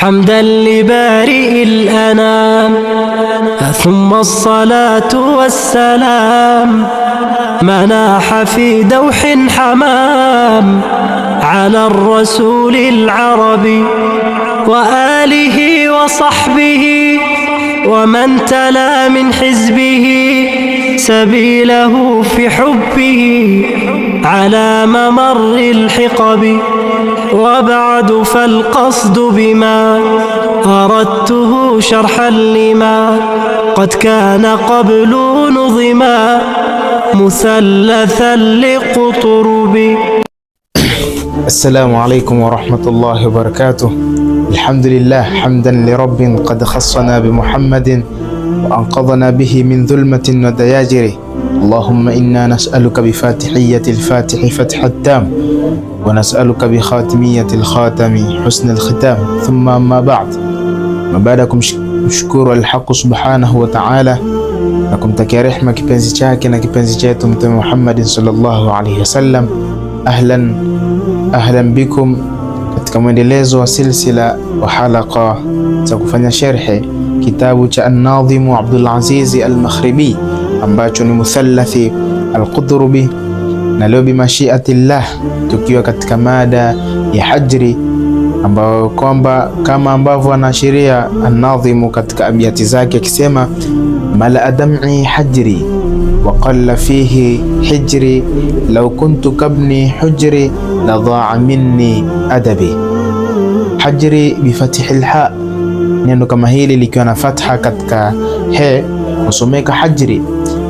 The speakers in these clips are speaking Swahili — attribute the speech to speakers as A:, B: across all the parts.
A: حمدا لبارئ الأنام ثم الصلاة والسلام مناح في دوح حمام على الرسول العربي وآله وصحبه ومن تلا من حزبه سبيله في حبه على ممر الحقب وبعد فالقصد بما أردته شرحا لما قد كان قبل نظما مثلثا لقطرب
B: السلام عليكم ورحمة الله وبركاته الحمد لله حمدا لرب قد خصنا بمحمد وأنقذنا به من ظلمة ودياجره اللهم انا نسالك بفاتحيه الفاتح فتح التام ونسالك بخاتميه الخاتم حسن الختام ثم ما بعد ما بالكم شكور الحق سبحانه وتعالى لكم تكرح ما كبنزي تشاكي نا كبنزي محمد صلى الله عليه وسلم اهلا اهلا بكم katika mwendelezo wa وحلقة wa halaqa za kufanya sherhe kitabu cha annadhimu ambacho ni muthalathi alqudrubi. Na leo bimashiati llah, tukiwa katika mada ya hajri, ambayo kwamba kama ambavyo anaashiria anadhimu katika abiati zake akisema: malaa dam'i hajri wa qalla fihi hijri law kuntu kabni hujri la dhaa minni adabi. Hajri bifatihi lha, neno kama hili likiwa na fatha katika he husomeka hajri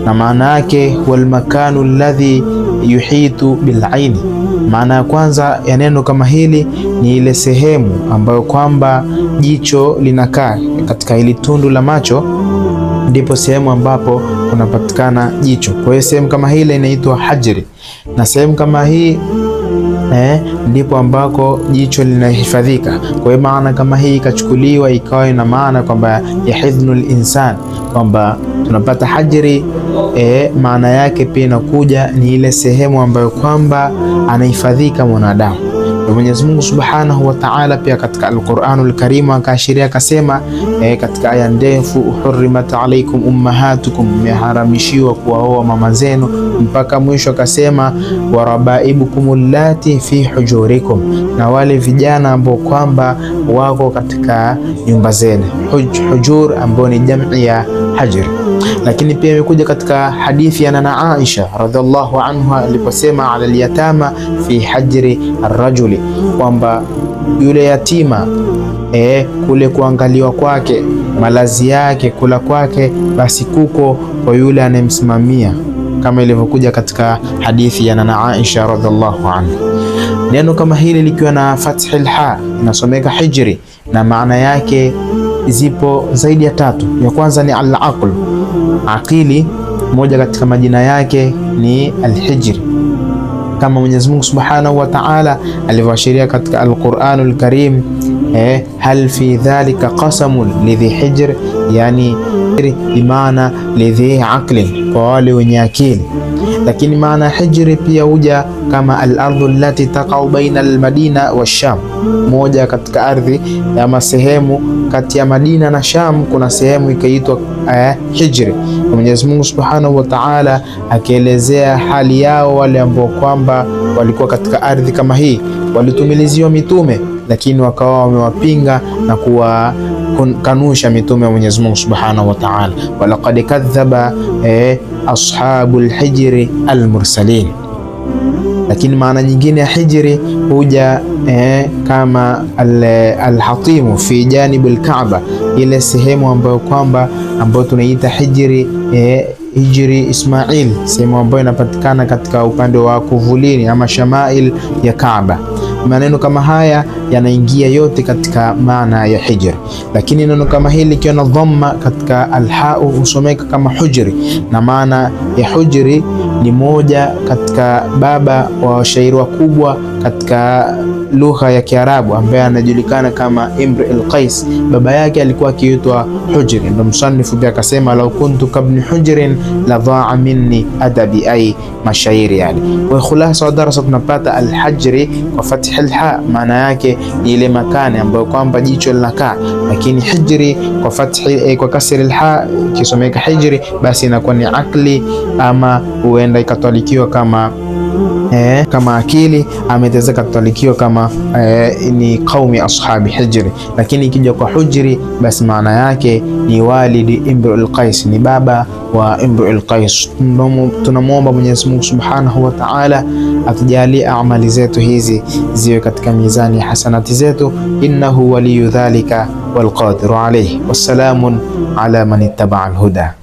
B: na maana yake walmakanu alladhi yuhitu bilaini. Maana ya kwanza ya neno kama hili ni ile sehemu ambayo kwamba jicho linakaa katika hili tundu la macho, ndipo sehemu ambapo kunapatikana jicho. Kwa hiyo sehemu kama hile inaitwa hajri, na sehemu kama hii Eh, ndipo ambako jicho linahifadhika. Kwa hiyo maana kama hii ikachukuliwa ikawa ina maana kwamba yahidhnu linsan kwamba tunapata hajri e, maana yake pia inakuja ni ile sehemu ambayo kwamba anahifadhika mwanadamu. Mwenyezi Mungu Subhanahu wa Ta'ala pia katika Al-Qur'anul Karim akaashiria akasema, e, katika aya ndefu, hurrimat alaikum ummahatukum, mmeharamishiwa kuwaoa mama zenu, mpaka mwisho akasema, warabaibukum lati fi hujurikum, na wale vijana ambao kwamba wako katika nyumba zenu. Hujur ambao ni jamii ya Hajr. Lakini pia imekuja katika hadithi ya nana Aisha radhiallahu anha aliposema, ala alyatama fi hajri arrajuli, kwamba yule yatima e, kule kuangaliwa kwake, malazi yake, kula kwake, basi kuko kwa yule anayemsimamia kama ilivyokuja katika hadithi ya nana Aisha radhiallahu anha. Neno kama hili likiwa na fathil ha inasomeka hijri, na maana yake zipo zaidi ya tatu. Ya kwanza ni al-aql, akili. Moja katika majina yake ni al-hijr, kama Mwenyezi Mungu Subhanahu wa Ta'ala alivyoashiria katika al-Qur'anul Karim, eh, hal fi dhalika qasamun lidhi hijr, yani bimaana lidhi aqli, kwa wale wenye akili lakini maana hijri pia huja kama al-ardhu allati taqau baina al-Madina wa Sham, moja katika ardhi ama sehemu kati ya Madina na Sham, kuna sehemu ikaitwa eh, hijri. Mwenyezi Mungu Subhanahu wa Ta'ala akielezea hali yao wale ambao kwamba walikuwa katika ardhi kama hii, walitumiliziwa mitume lakini wakawa wamewapinga na kuwa kanusha mitume wa Mwenyezi Mungu Subhanahu wa Ta'ala, walaqad kadhaba eh, ashabul hijri almursalin. Lakini maana nyingine ya hijri huja eh, kama alhatimu al fi janibu alkaaba, ile sehemu ambayo kwamba ambayo tunaita hijri eh, hijri Ismail, sehemu ambayo inapatikana katika upande wa kuvulini ama shamail ya Kaaba. Maneno kama haya yanaingia yote katika maana ya hijr, lakini neno kama hili likiwa na dhamma katika alhau husomeka kama hujri, na maana ya hujri ni moja katika baba wa washairi wakubwa katika lugha ya Kiarabu ambaye anajulikana kama Imr al-Qais. Baba yake alikuwa akiitwa Hujri, ndio msanifu pia akasema, lau kuntu kabni hujrin la dhaa minni adabi ai mashairi yani. Kwa khulasa wa darasa tunapata al-hajri kwa fathi al-ha, maana yake ni ile makani ambayo kwamba jicho linakaa, lakini hijri kwa fathi eh, kwa kasri alha kisomeka hijri, basi inakuwa ni akli ama huenda ikatwalikiwa kama eh, kama akili ametezeka katalikiwa kama eh, ni qaumi ashabi hijri, lakini ikija kwa hujri, basi maana yake ni walidi Imrul Qais, ni baba wa Imrul Qais. Tunamwomba Mwenyezi Mungu Subhanahu wa Ta'ala atujalie amali zetu hizi ziwe katika mizani ya hasanati zetu, innahu waliyu dhalika walqadiru alayhi. wasalamu ala man ittaba'a alhuda.